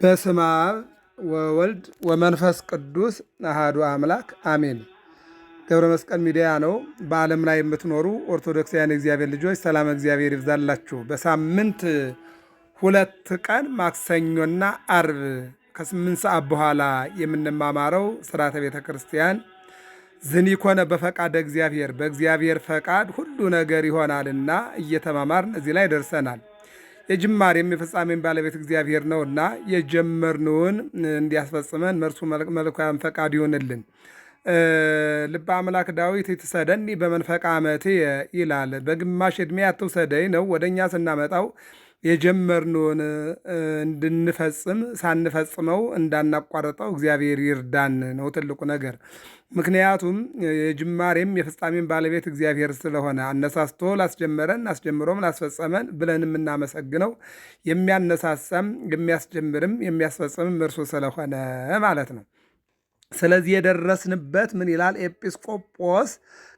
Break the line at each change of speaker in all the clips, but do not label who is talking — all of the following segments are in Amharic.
በስመ አብ ወወልድ ወመንፈስ ቅዱስ አሃዱ አምላክ አሜን። ገብረ መስቀል ሚዲያ ነው። በዓለም ላይ የምትኖሩ ኦርቶዶክሳውያን እግዚአብሔር ልጆች ሰላም እግዚአብሔር ይብዛላችሁ። በሳምንት ሁለት ቀን ማክሰኞና አርብ ከስምንት ሰዓት በኋላ የምንማማረው ስርዓተ ቤተ ክርስቲያን ዝኒኮነ በፈቃደ እግዚአብሔር በእግዚአብሔር ፈቃድ ሁሉ ነገር ይሆናልና እየተማማርን እዚህ ላይ ደርሰናል። የጅማሬም የፍጻሜም ባለቤት እግዚአብሔር ነው እና የጀመርንውን እንዲያስፈጽመን መርሱ መልካም ፈቃድ ይሆንልን። ልበ አምላክ ዳዊት የተሰደኒ በመንፈቅ ዓመቴ ይላል። በግማሽ ዕድሜ አትውሰደኝ ነው። ወደ እኛ ስናመጣው የጀመርነውን እንድንፈጽም ሳንፈጽመው እንዳናቋረጠው እግዚአብሔር ይርዳን ነው ትልቁ ነገር። ምክንያቱም የጅማሬም የፍጻሜም ባለቤት እግዚአብሔር ስለሆነ አነሳስቶ ላስጀመረን አስጀምሮም ላስፈጸመን ብለን የምናመሰግነው የሚያነሳሳም የሚያስጀምርም የሚያስፈጽምም እርሱ ስለሆነ ማለት ነው። ስለዚህ የደረስንበት ምን ይላል? ኤጲስቆጶስ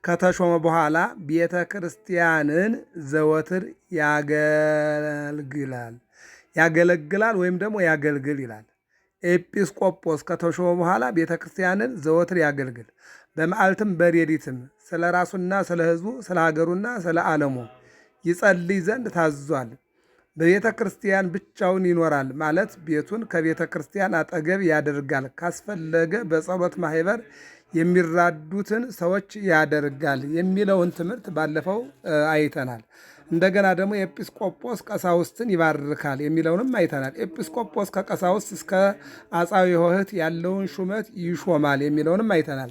ከተሾመ በኋላ ቤተ ክርስቲያንን ዘወትር ያገልግላል ያገለግላል ወይም ደግሞ ያገልግል ይላል። ኤጲስቆጶስ ከተሾመ በኋላ ቤተ ክርስቲያንን ዘወትር ያገልግል፣ በመዓልትም በሌሊትም ስለ ራሱና ስለ ሕዝቡ ስለ ሀገሩና ስለ ዓለሙ ይጸልይ ዘንድ ታዟል። በቤተ ክርስቲያን ብቻውን ይኖራል ማለት ቤቱን ከቤተ ክርስቲያን አጠገብ ያደርጋል። ካስፈለገ በጸሎት ማህበር የሚራዱትን ሰዎች ያደርጋል የሚለውን ትምህርት ባለፈው አይተናል። እንደገና ደግሞ ኤጲስቆጶስ ቀሳውስትን ይባርካል የሚለውንም አይተናል። ኤጲስቆጶስ ከቀሳውስት እስከ አጻዊ ሆህት ያለውን ሹመት ይሾማል የሚለውንም አይተናል።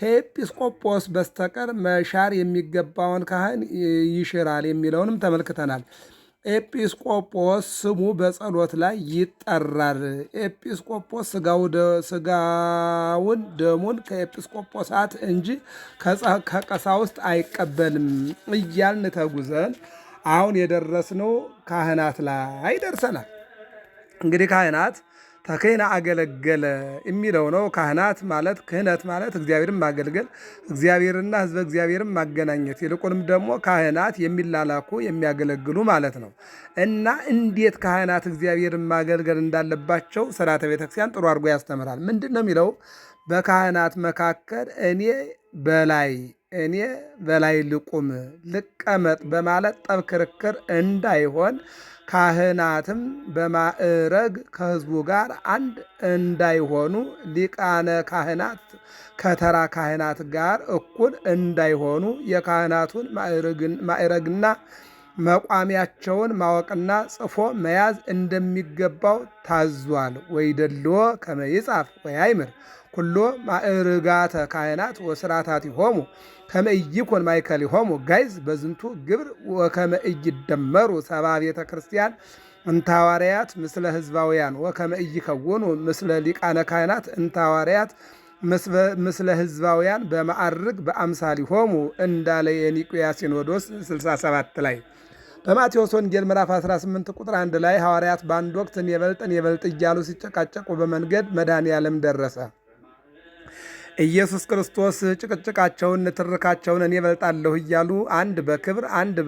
ከኤጲስቆጶስ በስተቀር መሻር የሚገባውን ካህን ይሽራል የሚለውንም ተመልክተናል። ኤጲስቆጶስ ስሙ በጸሎት ላይ ይጠራል። ኤጲስቆጶስ ስጋውን ደሙን ከኤጲስቆጶሳት እንጂ ከቀሳውስት አይቀበልም እያልን ተጉዘን አሁን የደረስነው ካህናት ላይ ደርሰናል። እንግዲህ ካህናት ተክህነ አገለገለ የሚለው ነው። ካህናት ማለት ክህነት ማለት እግዚአብሔርን ማገልገል እግዚአብሔርና ሕዝበ እግዚአብሔርን ማገናኘት፣ ይልቁንም ደግሞ ካህናት የሚላላኩ የሚያገለግሉ ማለት ነው እና እንዴት ካህናት እግዚአብሔርን ማገልገል እንዳለባቸው ሥርዓተ ቤተክርስቲያን ጥሩ አድርጎ ያስተምራል። ምንድን ነው የሚለው? በካህናት መካከል እኔ በላይ እኔ በላይ ልቁም ልቀመጥ በማለት ጠብ ክርክር እንዳይሆን ካህናትም በማዕረግ ከሕዝቡ ጋር አንድ እንዳይሆኑ ሊቃነ ካህናት ከተራ ካህናት ጋር እኩል እንዳይሆኑ የካህናቱን ማዕረግና መቋሚያቸውን ማወቅና ጽፎ መያዝ እንደሚገባው ታዟል። ወይደልዎ ከመ ይጻፍ ወያእምር ኩሎ ማእርጋተ ካህናት ይሆሙ ከመ ማይከል ይሆሙ ጋይዝ በዝንቱ ግብር ወከመ ኢይደመሩ ሰባ ቤተ ክርስቲያን እንታዋርያት ምስለ ህዝባውያን ወከመ ኢይከውኑ ምስለ ሊቃነ ካህናት እንታዋርያት ምስለ ህዝባውያን በማዕርግ ይሆሙ እንዳለ የኒቆያ ሲኖዶስ 67 ላይ በማቴዎስ ወንጌል ምዕራፍ 18 ቁጥር 1 ላይ ሐዋርያት በአንድ ወቅት እኔ በልጥ እኔ በልጥ እያሉ ሲጨቃጨቁ በመንገድ መድኃኔ ዓለም ደረሰ። ኢየሱስ ክርስቶስ ጭቅጭቃቸውን፣ ንትርካቸውን እኔ በልጣለሁ እያሉ አንድ በክብር አንድ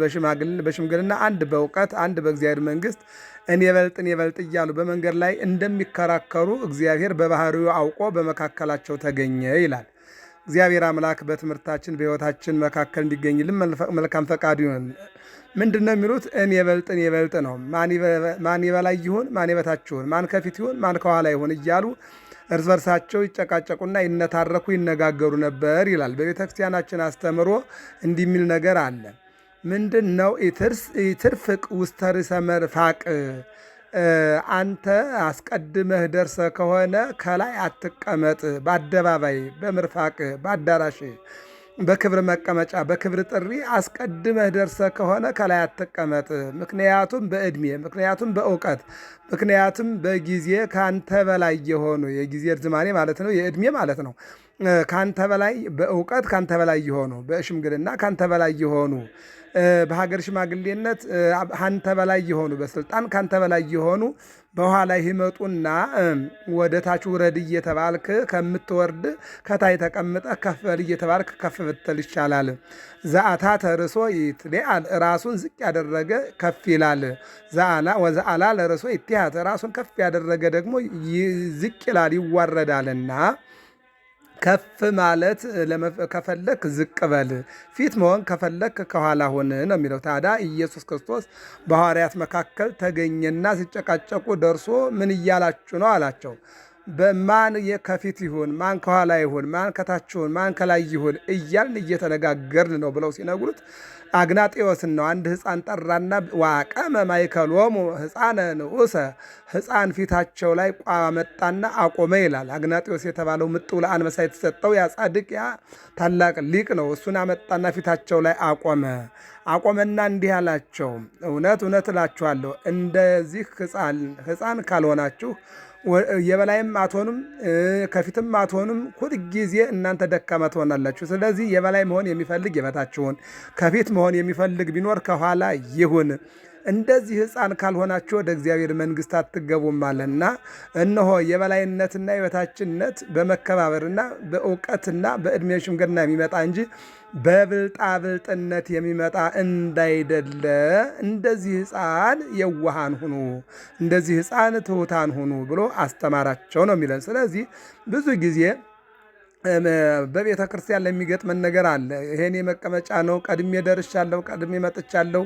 በሽምግልና አንድ በእውቀት አንድ በእግዚአብሔር መንግሥት እኔ በልጥ እኔ በልጥ እያሉ በመንገድ ላይ እንደሚከራከሩ እግዚአብሔር በባህሪው አውቆ በመካከላቸው ተገኘ ይላል። እግዚአብሔር አምላክ በትምህርታችን በሕይወታችን መካከል እንዲገኝልን መልካም ፈቃዱ ይሆን። ምንድን ነው የሚሉት? እኔ የበልጥ የበልጥ ነው። ማን የበላይ ይሆን? ማን የበታች ይሁን፣ ማን ከፊት ይሁን፣ ማን ከኋላ ይሁን እያሉ እርስ በርሳቸው ይጨቃጨቁና ይነታረኩ ይነጋገሩ ነበር ይላል። በቤተ ክርስቲያናችን አስተምሮ እንዲህ የሚል ነገር አለ። ምንድን ነው? ኢትርፍቅ ውስተ ርእሰ መርፋቅ አንተ አስቀድመህ ደርሰ ከሆነ ከላይ አትቀመጥ። በአደባባይ በምርፋቅ በአዳራሽ በክብር መቀመጫ በክብር ጥሪ አስቀድመህ ደርሰ ከሆነ ከላይ አትቀመጥ። ምክንያቱም በእድሜ ምክንያቱም በእውቀት ምክንያቱም በጊዜ ከአንተ በላይ የሆኑ የጊዜ እርዝማኔ ማለት ነው፣ የእድሜ ማለት ነው። ከአንተ በላይ በእውቀት ከአንተ በላይ የሆኑ በሽምግልና ከአንተ በላይ የሆኑ በሀገር ሽማግሌነት አንተ በላይ የሆኑ በስልጣን ካንተ በላይ የሆኑ በኋላ ይመጡና ወደ ታች ውረድ እየተባልክ ከምትወርድ ከታይ ተቀምጠ ከፍበል እየተባልክ ከፍ ብትል ይቻላል። ዘአታ ተርሶ ይትሌአል ራሱን ዝቅ ያደረገ ከፍ ይላል። ወዘአላ ለርሶ ይትያት ራሱን ከፍ ያደረገ ደግሞ ዝቅ ይላል ይዋረዳልና ከፍ ማለት ከፈለክ ዝቅ በል፣ ፊት መሆን ከፈለክ ከኋላ ሆን ነው የሚለው። ታዲያ ኢየሱስ ክርስቶስ በሐዋርያት መካከል ተገኘና ሲጨቃጨቁ ደርሶ ምን እያላችሁ ነው አላቸው። በማን ከፊት ይሁን ማን ከኋላ ይሁን ማን ከታች ይሁን ማን ከላይ ይሁን እያልን እየተነጋገርን ነው ብለው ሲነግሩት አግናጤዎስን ነው። አንድ ህፃን ጠራና ዋቀመ ማይከሎሙ ህፃን ንዑሰ ህፃን ፊታቸው ላይ ቋመጣና አቆመ ይላል። አግናጤዎስ የተባለው ምጥው ለአንበሳ የተሰጠው ያ ጻድቅ ያ ታላቅ ሊቅ ነው። እሱን አመጣና ፊታቸው ላይ አቆመ። አቆመና እንዲህ አላቸው፣ እውነት እውነት እላችኋለሁ እንደዚህ ህፃን ካልሆናችሁ የበላይም አትሆኑም፣ ከፊትም አትሆኑም። ሁል ጊዜ እናንተ ደካማ ትሆናላችሁ። ስለዚህ የበላይ መሆን የሚፈልግ የበታችሁን፣ ከፊት መሆን የሚፈልግ ቢኖር ከኋላ ይሁን። እንደዚህ ሕፃን ካልሆናችሁ ወደ እግዚአብሔር መንግሥት አትገቡም አለና እነሆ የበላይነትና የበታችነት በመከባበርና በእውቀትና በእድሜ ሽምግልና የሚመጣ እንጂ በብልጣብልጥነት የሚመጣ እንዳይደለ እንደዚህ ሕፃን የዋሃን ሁኑ፣ እንደዚህ ሕፃን ትሑታን ሁኑ ብሎ አስተማራቸው ነው የሚለን። ስለዚህ ብዙ ጊዜ በቤተ ክርስቲያን ለሚገጥመን ነገር አለ። ይሄን መቀመጫ ነው፣ ቀድሜ ደርሻለሁ፣ ቀድሜ መጥቻለሁ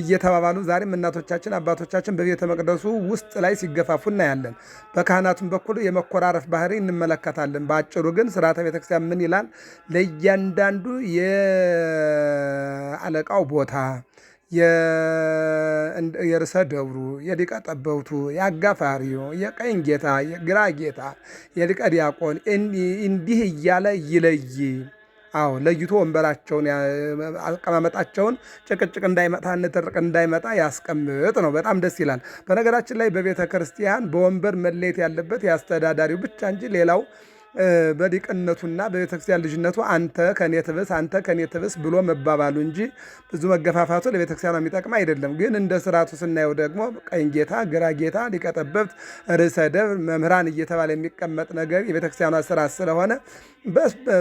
እየተባባሉ ዛሬም እናቶቻችን አባቶቻችን በቤተ መቅደሱ ውስጥ ላይ ሲገፋፉ እናያለን። በካህናቱም በኩል የመኮራረፍ ባህሪ እንመለከታለን። በአጭሩ ግን ስርዓተ ቤተ ክርስቲያን ምን ይላል? ለእያንዳንዱ የአለቃው ቦታ የርዕሰ ደብሩ የሊቀ ጠበብቱ የአጋፋሪው የቀኝ ጌታ የግራ ጌታ የሊቀ ዲያቆን እንዲህ እያለ ይለይ። አዎ ለይቶ ወንበራቸውን አቀማመጣቸውን ጭቅጭቅ እንዳይመጣ ንትርቅ እንዳይመጣ ያስቀምጥ ነው። በጣም ደስ ይላል። በነገራችን ላይ በቤተ ክርስቲያን በወንበር መለየት ያለበት የአስተዳዳሪው ብቻ እንጂ ሌላው በዲቅነቱና በቤተክርስቲያን ልጅነቱ አንተ ከኔ ትብስ አንተ ከኔ ትብስ ብሎ መባባሉ እንጂ ብዙ መገፋፋቱ ለቤተክርስቲያን የሚጠቅም አይደለም። ግን እንደ ስርዓቱ ስናየው ደግሞ ቀኝ ጌታ፣ ግራ ጌታ፣ ሊቀጠበብት፣ ርዕሰ ደብር፣ መምህራን እየተባለ የሚቀመጥ ነገር የቤተክርስቲያኗ ስርዓት ስለሆነ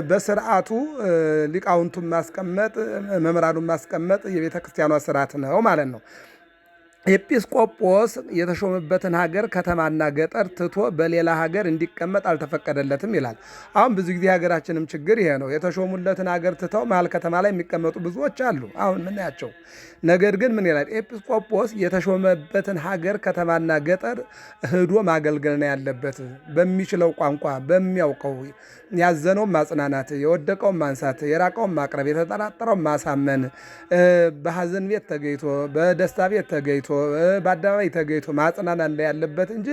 በስርዓቱ ሊቃውንቱን ማስቀመጥ መምህራኑን ማስቀመጥ የቤተክርስቲያኗ ስርዓት ነው ማለት ነው። ኤጲስቆጶስ የተሾመበትን ሀገር ከተማና ገጠር ትቶ በሌላ ሀገር እንዲቀመጥ አልተፈቀደለትም ይላል። አሁን ብዙ ጊዜ ሀገራችንም ችግር ይሄ ነው። የተሾሙለትን ሀገር ትተው መሀል ከተማ ላይ የሚቀመጡ ብዙዎች አሉ። አሁን ያቸው ነገር ግን ምን ይላል? ኤጲስቆጶስ የተሾመበትን ሀገር ከተማና ገጠር ህዶ ማገልገል ነው ያለበት። በሚችለው ቋንቋ በሚያውቀው ያዘነውን ማጽናናት፣ የወደቀውን ማንሳት፣ የራቀውን ማቅረብ፣ የተጠራጠረውን ማሳመን፣ በሀዘን ቤት ተገይቶ በደስታ ቤት ተገኝቶ በአደባባይ ተገኝቶ ማጽናናት ላይ ያለበት እንጂ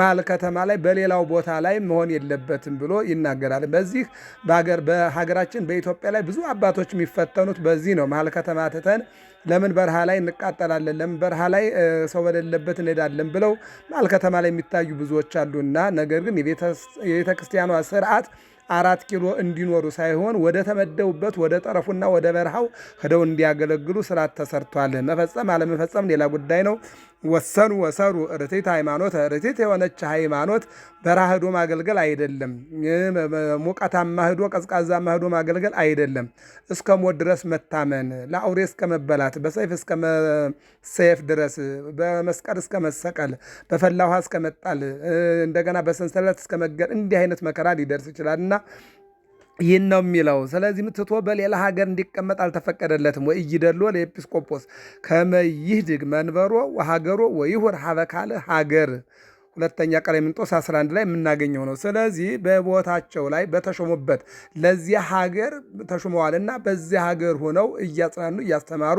መሀል ከተማ ላይ በሌላው ቦታ ላይ መሆን የለበትም ብሎ ይናገራል። በዚህ በሀገራችን በኢትዮጵያ ላይ ብዙ አባቶች የሚፈተኑት በዚህ ነው። መሀል ከተማ ትተን ለምን በረሃ ላይ እንቃጠላለን? ለምን በረሃ ላይ ሰው በሌለበት እንሄዳለን? ብለው መሀል ከተማ ላይ የሚታዩ ብዙዎች አሉና ነገር ግን የቤተክርስቲያኗ ስርዓት አራት ኪሎ እንዲኖሩ ሳይሆን ወደ ተመደቡበት ወደ ጠረፉና ወደ በረሃው ሄደው እንዲያገለግሉ ስርዓት ተሰርቷል። መፈጸም አለመፈጸም ሌላ ጉዳይ ነው። ወሰኑ ወሰሩ ርትዕት ሃይማኖት ርትዕት የሆነች ሃይማኖት በረሃ ሂዶ ማገልገል አይደለም። ሙቀታማ ሂዶ ቀዝቃዛማ ሂዶ ማገልገል አይደለም። እስከ ሞት ድረስ መታመን፣ ለአውሬ እስከ መበላት፣ በሰይፍ እስከ መሰየፍ ድረስ፣ በመስቀል እስከ መሰቀል፣ በፈላ ውሃ እስከ መጣል፣ እንደገና በሰንሰለት እስከ መገል እንዲህ አይነት መከራ ሊደርስ ይችላልና ይህን ነው የሚለው። ስለዚህም ትቶ በሌላ ሀገር እንዲቀመጥ አልተፈቀደለትም። ወኢይደሎ ለኤጲስቆጶስ ከመይህድግ መንበሮ ሀገሮ ወይሁር ሀበካለ ሀገር ሁለተኛ ቀሌምንጦስ 11 ላይ የምናገኘው ነው። ስለዚህ በቦታቸው ላይ በተሾሙበት ለዚያ ሀገር ተሾመዋልና በዚህ ሀገር ሆነው እያጽናኑ እያስተማሩ፣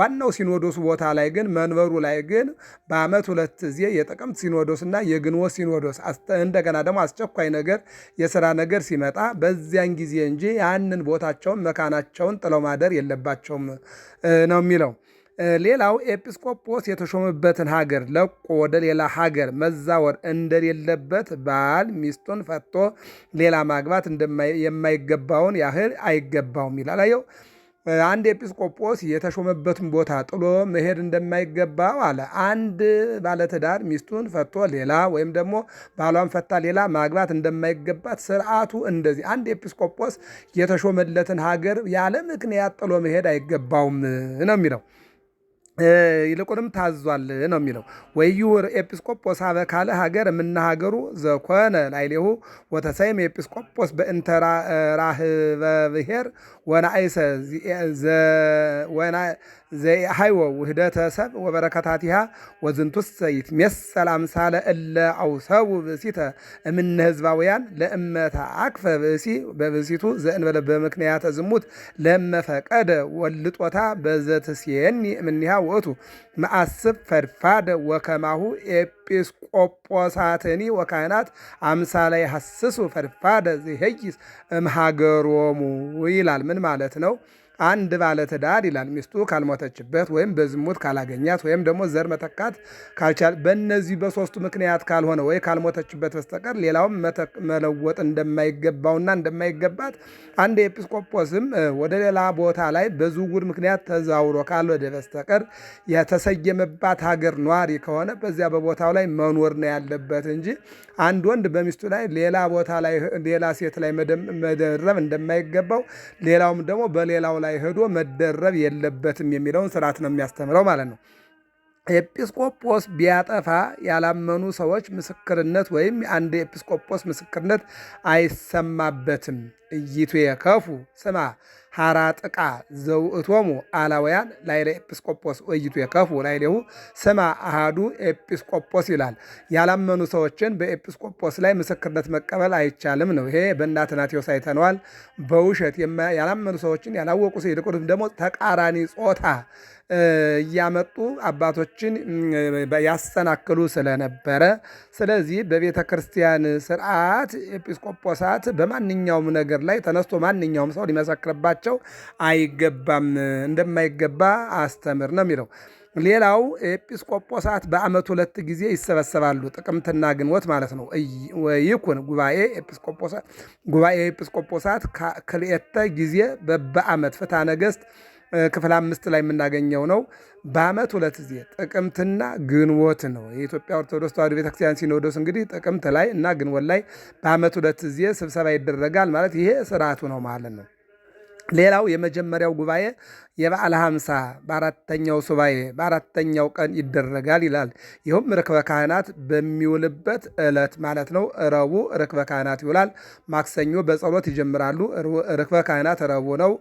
ዋናው ሲኖዶሱ ቦታ ላይ ግን መንበሩ ላይ ግን በዓመት ሁለት ጊዜ የጥቅምት ሲኖዶስና የግንቦት ሲኖዶስ እንደገና ደግሞ አስቸኳይ ነገር የስራ ነገር ሲመጣ በዚያን ጊዜ እንጂ ያንን ቦታቸውን መካናቸውን ጥለው ማደር የለባቸውም ነው የሚለው። ሌላው ኤጲስቆጶስ የተሾመበትን ሀገር ለቆ ወደ ሌላ ሀገር መዛወር እንደሌለበት ባል ሚስቱን ፈቶ ሌላ ማግባት የማይገባውን ያህል አይገባውም ይላል። አየው አንድ ኤጲስቆጶስ የተሾመበትን ቦታ ጥሎ መሄድ እንደማይገባው አለ። አንድ ባለትዳር ሚስቱን ፈቶ ሌላ ወይም ደግሞ ባሏን ፈታ ሌላ ማግባት እንደማይገባት ስርዓቱ እንደዚህ። አንድ ኤጲስቆጶስ የተሾመለትን ሀገር ያለ ምክንያት ጥሎ መሄድ አይገባውም ነው የሚለው። ይልቁንም ታዟል ነው የሚለው። ወይዩር ኤጲስቆጶስ ሀበ ካለ ሀገር የምናሀገሩ ዘኮነ ላይሌሁ ወተሰይም ኤጲስቆጶስ በእንተ ራህበ ብሔር ወናይሰ ዘይሃይወ ውህደተ ሰብ ወበረከታቲሃ ወዝንቱሰ ይትሜሰል አምሳለ እለ አውሰቡ ብእሲተ እምነ ህዝባውያን ለእመተ አክፈ ብእሲ በብእሲቱ ዘእንበለ በምክንያተ ዝሙት ለመፈቀደ ወልጦታ በዘትስየኒ እምኒሃ ወቱ መአስብ ፈድፋድ ወከማሁ ኤጲስቆጶሳትኒ ወካህናት አምሳ ላይ ሐስሱ ፈድፋደ ዘሄይስ እምሃገሮሙ ይላል። ምን ማለት ነው? አንድ ባለትዳር ይላል ሚስቱ ካልሞተችበት ወይም በዝሙት ካላገኛት ወይም ደግሞ ዘር መተካት ካልቻል በእነዚህ በሶስቱ ምክንያት ካልሆነ ወይ ካልሞተችበት በስተቀር ሌላውም መለወጥ እንደማይገባውና እንደማይገባት አንድ ኤጲስቆጶስም ወደ ሌላ ቦታ ላይ በዝውውር ምክንያት ተዛውሮ ካልወደ በስተቀር የተሰየመባት ሀገር ኗሪ ከሆነ በዚያ በቦታው ላይ መኖር ነው ያለበት እንጂ አንድ ወንድ በሚስቱ ላይ ሌላ ቦታ ላይ ሌላ ሴት ላይ መደረብ እንደማይገባው ሌላውም ደግሞ በሌላው ላይ ሄዶ መደረብ የለበትም የሚለውን ስርዓት ነው የሚያስተምረው ማለት ነው። ኤጲስቆጶስ ቢያጠፋ ያላመኑ ሰዎች ምስክርነት ወይም አንድ ኤጲስቆጶስ ምስክርነት አይሰማበትም። እይቱ የከፉ ስማ ሐራ ጥቃ ዘውእቶሙ አላውያን ላይለ ኤጲስቆጶስ ወይቱ የከፉ ላይሌሁ ስማ አሃዱ ኤጲስቆጶስ ይላል። ያላመኑ ሰዎችን በኤጲስቆጶስ ላይ ምስክርነት መቀበል አይቻልም ነው። ይሄ በእነ አትናቴዎስ አይተነዋል። በውሸት ያላመኑ ሰዎችን ያላወቁ ሰ ይልቁንም ደግሞ ተቃራኒ ጾታ እያመጡ አባቶችን ያሰናክሉ ስለነበረ፣ ስለዚህ በቤተ ክርስቲያን ስርዓት ኤጲስቆጶሳት በማንኛውም ነገር ላይ ተነስቶ ማንኛውም ሰው ሊመሰክርባቸው ሊያስተምራቸው አይገባም፣ እንደማይገባ አስተምር ነው የሚለው። ሌላው ኤጲስቆጶሳት በዓመት ሁለት ጊዜ ይሰበሰባሉ፣ ጥቅምትና ግንቦት ማለት ነው። ይኩን ጉባኤ ኤጲስቆጶሳት ክልኤተ ጊዜ በበዓመት ፍትሐ ነገሥት ክፍል አምስት ላይ የምናገኘው ነው። በዓመት ሁለት ጊዜ ጥቅምትና ግንቦት ነው። የኢትዮጵያ ኦርቶዶክስ ተዋሕዶ ቤተክርስቲያን ሲኖዶስ እንግዲህ ጥቅምት ላይ እና ግንቦት ላይ በዓመት ሁለት ጊዜ ስብሰባ ይደረጋል ማለት ይሄ ስርዓቱ ነው ማለት ነው። ሌላው የመጀመሪያው ጉባኤ የበዓለ ሐምሳ በአራተኛው ሱባኤ በአራተኛው ቀን ይደረጋል ይላል። ይህም ርክበ ካህናት በሚውልበት ዕለት ማለት ነው። ረቡ ርክበ ካህናት ይውላል። ማክሰኞ በጸሎት ይጀምራሉ። ርክበ ካህናት ረቡ ነው፣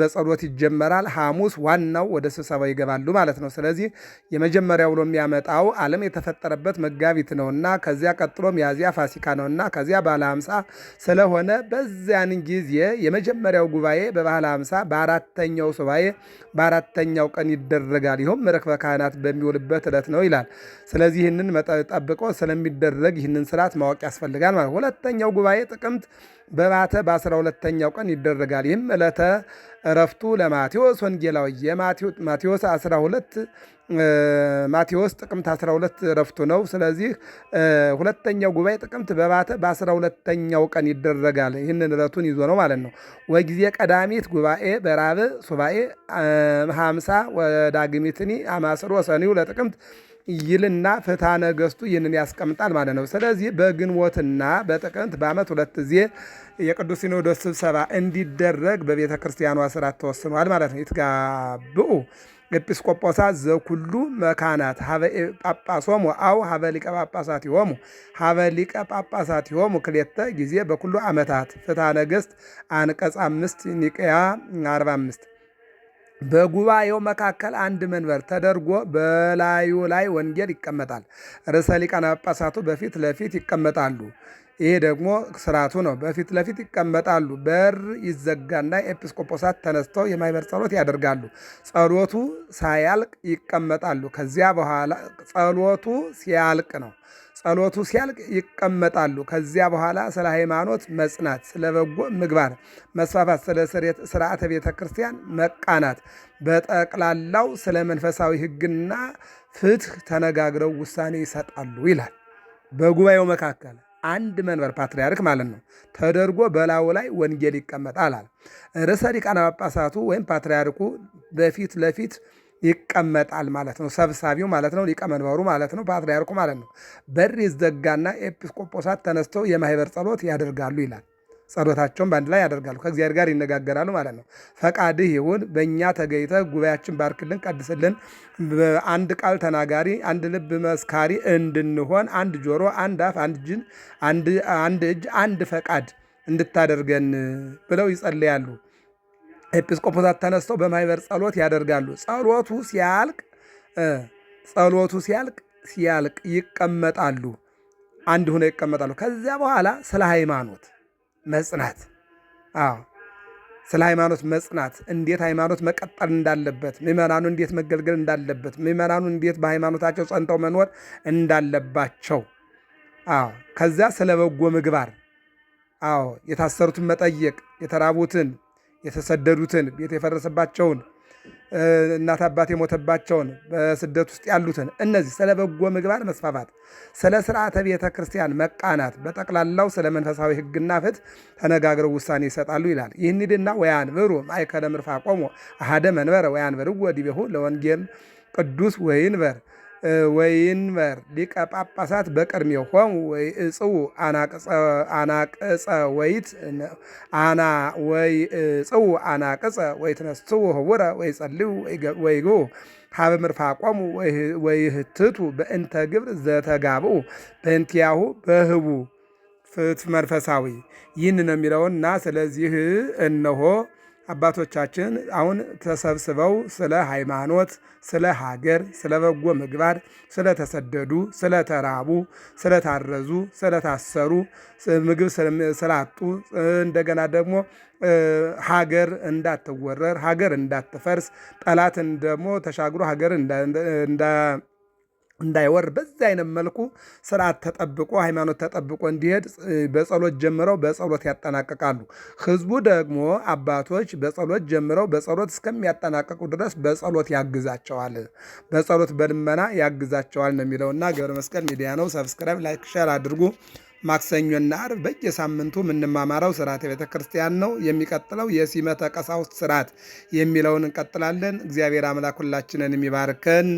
በጸሎት ይጀመራል። ሐሙስ ዋናው ወደ ስብሰባ ይገባሉ ማለት ነው። ስለዚህ የመጀመሪያው ብሎ የሚያመጣው ዓለም የተፈጠረበት መጋቢት ነውና ከዚያ ቀጥሎ ሚያዝያ ፋሲካ ነውና ከዚያ በዓለ ሐምሳ ስለሆነ በዚያን ጊዜ የመጀመሪያው ጉባኤ በበዓለ ሐምሳ በአራተኛው ሱባኤ በአራተኛው ቀን ይደረጋል። ይኸውም ረክበ ካህናት በሚውልበት ዕለት ነው ይላል። ስለዚህ ይህንን ጠብቆ ስለሚደረግ ይህንን ስርዓት ማወቅ ያስፈልጋል ማለት ሁለተኛው ጉባኤ ጥቅምት በባተ በአስራ ሁለተኛው ቀን ይደረጋል። ይህም ዕለተ እረፍቱ ለማቴዎስ ወንጌላዊ የማቴዎስ 12 ማቴዎስ ጥቅምት 12 እረፍቱ ነው። ስለዚህ ሁለተኛው ጉባኤ ጥቅምት በባተ በ12ተኛው ቀን ይደረጋል። ይህንን እረቱን ይዞ ነው ማለት ነው። ወጊዜ ቀዳሚት ጉባኤ በራብ ሱባኤ ሀምሳ ወዳግሚትኒ አማስሮ ሰኒው ለጥቅምት ይልና ፍትሐ ነገሥቱ ይህንን ያስቀምጣል ማለት ነው። ስለዚህ በግንቦትና በጥቅምት በዓመት ሁለት ጊዜ የቅዱስ ሲኖዶስ ስብሰባ እንዲደረግ በቤተ ክርስቲያኗ ስርዓት ተወስኗል ማለት ነው። ይትጋብኡ ኤጲስቆጶሳ ዘኩሉ መካናት ሀበ ጳጳሶሙ አው ሀበ ሊቀ ጳጳሳት ይሆሙ ሀበ ሊቀ ጳጳሳት ይሆሙ ክሌተ ጊዜ በኩሉ ዓመታት ፍትሐ ነገሥት አንቀጽ አምስት ኒቅያ 45 በጉባኤው መካከል አንድ መንበር ተደርጎ በላዩ ላይ ወንጌል ይቀመጣል። ርዕሰ ሊቃነ ጳጳሳቱ በፊት ለፊት ይቀመጣሉ። ይሄ ደግሞ ስርዓቱ ነው። በፊት ለፊት ይቀመጣሉ። በር ይዘጋና ኤጲስቆጶሳት ተነስተው የማይበር ጸሎት ያደርጋሉ። ጸሎቱ ሳያልቅ ይቀመጣሉ። ከዚያ በኋላ ጸሎቱ ሲያልቅ ነው ጸሎቱ ሲያልቅ ይቀመጣሉ። ከዚያ በኋላ ስለ ሃይማኖት መጽናት፣ ስለ በጎ ምግባር መስፋፋት፣ ስለ ስርዓተ ቤተ ክርስቲያን መቃናት፣ በጠቅላላው ስለ መንፈሳዊ ሕግና ፍትህ ተነጋግረው ውሳኔ ይሰጣሉ ይላል። በጉባኤው መካከል አንድ መንበር ፓትርያርክ ማለት ነው ተደርጎ በላዩ ላይ ወንጌል ይቀመጣል አለ። ርዕሰ ሊቃነ ጳጳሳቱ ወይም ፓትርያርኩ በፊት ለፊት ይቀመጣል ማለት ነው። ሰብሳቢው ማለት ነው፣ ሊቀመንበሩ ማለት ነው፣ ፓትርያርኩ ማለት ነው። በር ይዘጋና ኤጲስቆጶሳት ተነስተው የማህበር ጸሎት ያደርጋሉ ይላል። ጸሎታቸውን በአንድ ላይ ያደርጋሉ፣ ከእግዚአብሔር ጋር ይነጋገራሉ ማለት ነው። ፈቃድህ ይሁን በእኛ ተገይተ ጉባኤያችን ባርክልን፣ ቀድስልን፣ አንድ ቃል ተናጋሪ፣ አንድ ልብ መስካሪ እንድንሆን አንድ ጆሮ፣ አንድ አፍ፣ አንድ እጅ፣ አንድ ፈቃድ እንድታደርገን ብለው ይጸልያሉ። ኤጲስቆጶሳት ተነስተው በማይበር ጸሎት ያደርጋሉ። ጸሎቱ ሲያልቅ ጸሎቱ ሲያልቅ ሲያልቅ ይቀመጣሉ። አንድ ሆነው ይቀመጣሉ። ከዚያ በኋላ ስለ ሃይማኖት መጽናት አዎ ስለ ሃይማኖት መጽናት፣ እንዴት ሃይማኖት መቀጠል እንዳለበት፣ ምዕመናኑ እንዴት መገልገል እንዳለበት፣ ምዕመናኑ እንዴት በሃይማኖታቸው ጸንተው መኖር እንዳለባቸው። አዎ ከዚያ ስለ በጎ ምግባር አዎ የታሰሩትን መጠየቅ የተራቡትን የተሰደዱትን ቤት የፈረሰባቸውን እናት አባት የሞተባቸውን በስደት ውስጥ ያሉትን እነዚህ ስለ በጎ ምግባር መስፋፋት፣ ስለ ስርዓተ ቤተ ክርስቲያን መቃናት፣ በጠቅላላው ስለ መንፈሳዊ ሕግና ፍትሕ ተነጋግረው ውሳኔ ይሰጣሉ ይላል። ወያን ብሩ ማእከለ ምርፋ ቆሞ አሃደ መንበረ ወዲ ዲቤሁ ለወንጌል ቅዱስ ወይንበር ወይንበር ሊቀ ጳጳሳት ወይ ወይእጽው አናቅጸ ወይት አና ወይእጽው አናቅጸ ወይትነስው ህቡረ ወይጸልዩ ወይግቡ ሀበ ወይ ወይህትቱ በእንተ ግብር ዘተጋብኡ በእንቲያሁ በህቡ ፍት መንፈሳዊ ይህን ነው የሚለውና ስለዚህ እነሆ አባቶቻችን አሁን ተሰብስበው ስለ ሃይማኖት፣ ስለ ሀገር፣ ስለ በጎ ምግባር፣ ስለተሰደዱ፣ ስለተራቡ፣ ስለታረዙ፣ ስለታሰሩ፣ ምግብ ስላጡ እንደገና ደግሞ ሀገር እንዳትወረር፣ ሀገር እንዳትፈርስ፣ ጠላትን ደግሞ ተሻግሮ ሀገር እንዳይወር በዚህ አይነት መልኩ ስርዓት ተጠብቆ ሃይማኖት ተጠብቆ እንዲሄድ በጸሎት ጀምረው በጸሎት ያጠናቅቃሉ። ህዝቡ ደግሞ አባቶች በጸሎት ጀምረው በጸሎት እስከሚያጠናቅቁ ድረስ በጸሎት ያግዛቸዋል፣ በጸሎት በልመና ያግዛቸዋል ነው እና ገብረ መስቀል ሚዲያ ነው። ሰብስክራይብ፣ ላይክ፣ ሸር አድርጉ። ማክሰኞና አርብ በየሳምንቱ የምንማማረው ስርዓተ ቤተ ክርስቲያን ነው። የሚቀጥለው የሲመተ ቀሳውስት ስርዓት የሚለውን እንቀጥላለን። እግዚአብሔር አምላክ ሁላችንን የሚባርከን